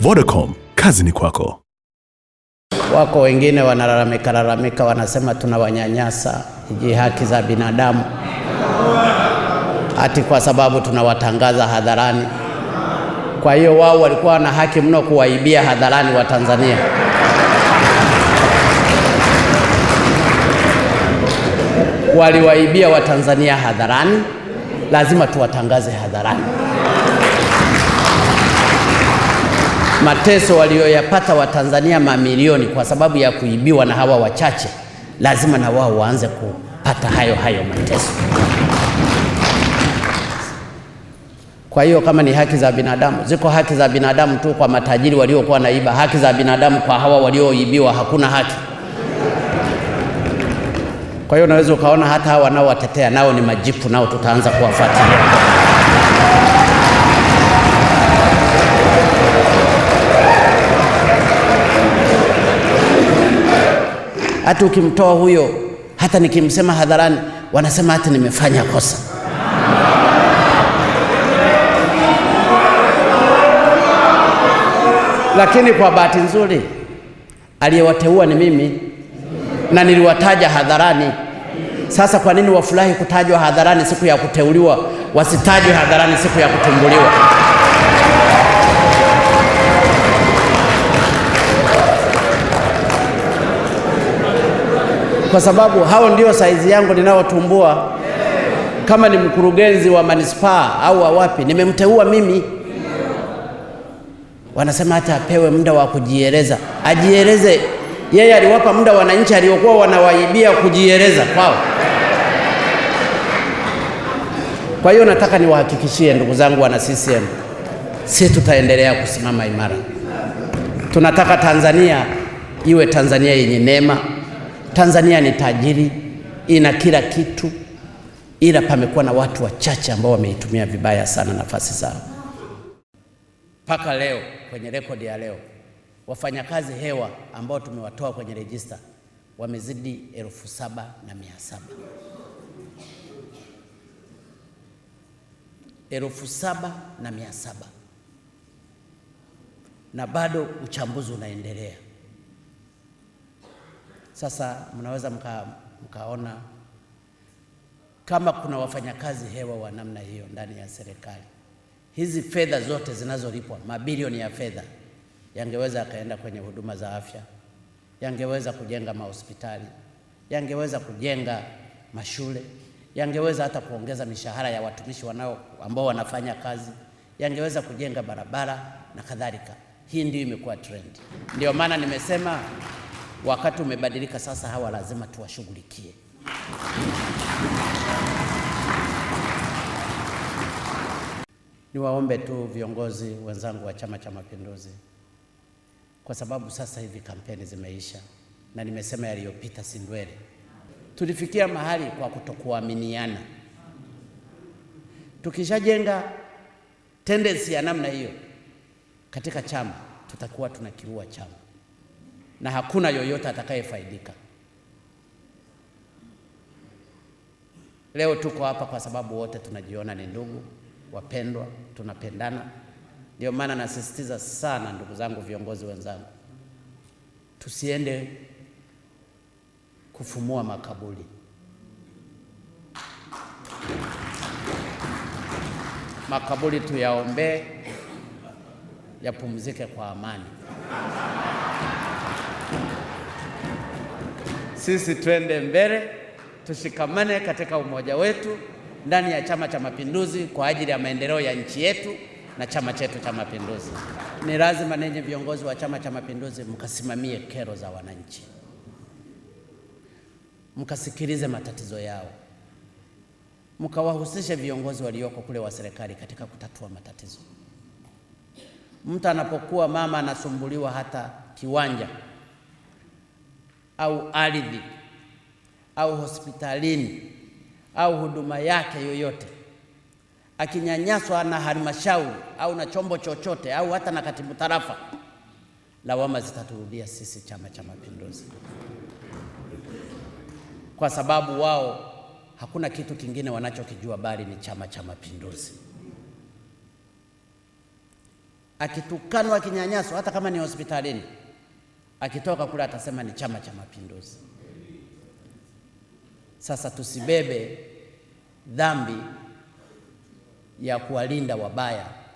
Vodacom, kazi ni kwako. Wako wengine wanalalamika lalamika, wanasema tunawanyanyasa iji haki za binadamu, hati kwa sababu tunawatangaza hadharani. Kwa hiyo wao walikuwa na haki mno kuwaibia hadharani wa Tanzania. Waliwaibia Watanzania hadharani, lazima tuwatangaze hadharani. mateso walioyapata Watanzania mamilioni kwa sababu ya kuibiwa na hawa wachache, lazima na wao waanze kupata hayo hayo mateso. Kwa hiyo kama ni haki za binadamu, ziko haki za binadamu tu kwa matajiri waliokuwa naiba haki za binadamu kwa hawa walioibiwa hakuna haki. Kwa hiyo unaweza ukaona hata hawa wanaowatetea nao ni majipu, nao tutaanza kuwafuatilia. hata ukimtoa huyo, hata nikimsema hadharani wanasema hata nimefanya kosa. Lakini kwa bahati nzuri aliyewateua ni mimi na niliwataja hadharani. Sasa kwa nini wafurahi kutajwa hadharani siku ya kuteuliwa, wasitajwe hadharani siku ya kutumbuliwa? kwa sababu hao ndio saizi yangu ninaotumbua. Kama ni mkurugenzi wa manispaa au wapi, nimemteua mimi. Wanasema hata apewe muda wa kujieleza, ajieleze yeye. Aliwapa muda wananchi aliokuwa wanawaibia kujieleza kwao. Kwa hiyo nataka niwahakikishie ndugu zangu wana CCM, si tutaendelea kusimama imara. Tunataka Tanzania iwe Tanzania yenye neema Tanzania ni tajiri, ina kila kitu, ila pamekuwa na watu wachache ambao wameitumia vibaya sana nafasi zao. Mpaka leo kwenye rekodi ya leo, wafanyakazi hewa ambao tumewatoa kwenye rejista wamezidi elfu saba na mia saba elfu saba na mia saba na bado uchambuzi unaendelea. Sasa mnaweza mka, mkaona kama kuna wafanyakazi hewa wa namna hiyo ndani ya serikali, hizi fedha zote zinazolipwa, mabilioni ya fedha, yangeweza yakaenda kwenye huduma za afya, yangeweza kujenga mahospitali, yangeweza kujenga mashule, yangeweza hata kuongeza mishahara ya watumishi wanao ambao wanafanya kazi, yangeweza kujenga barabara na kadhalika. Hii ndio imekuwa trend, ndio maana nimesema Wakati umebadilika sasa, hawa lazima tuwashughulikie. Niwaombe tu viongozi wenzangu wa Chama cha Mapinduzi, kwa sababu sasa hivi kampeni zimeisha na nimesema yaliyopita si ndwele. Tulifikia mahali kwa kutokuaminiana. Tukishajenga tendensi ya namna hiyo katika chama, tutakuwa tunakirua chama na hakuna yoyote atakayefaidika. Leo tuko hapa kwa sababu wote tunajiona ni ndugu wapendwa, tunapendana. Ndio maana nasisitiza sana, ndugu zangu, viongozi wenzangu, tusiende kufumua makaburi. Makaburi tuyaombee yapumzike kwa amani. Sisi twende mbele, tushikamane katika umoja wetu ndani ya Chama cha Mapinduzi kwa ajili ya maendeleo ya nchi yetu na chama chetu cha Mapinduzi. Ni lazima ninyi viongozi wa Chama cha Mapinduzi mkasimamie kero za wananchi, mkasikilize matatizo yao, mkawahusishe viongozi walioko kule wa serikali katika kutatua matatizo. Mtu anapokuwa mama anasumbuliwa hata kiwanja au ardhi au hospitalini au huduma yake yoyote, akinyanyaswa na halmashauri au na chombo chochote au hata na katibu tarafa, lawama zitaturudia sisi Chama cha Mapinduzi, kwa sababu wao hakuna kitu kingine wanachokijua bali ni Chama cha Mapinduzi. Akitukanwa, akinyanyaswa, hata kama ni hospitalini akitoka kule atasema ni Chama cha Mapinduzi. Sasa tusibebe dhambi ya kuwalinda wabaya.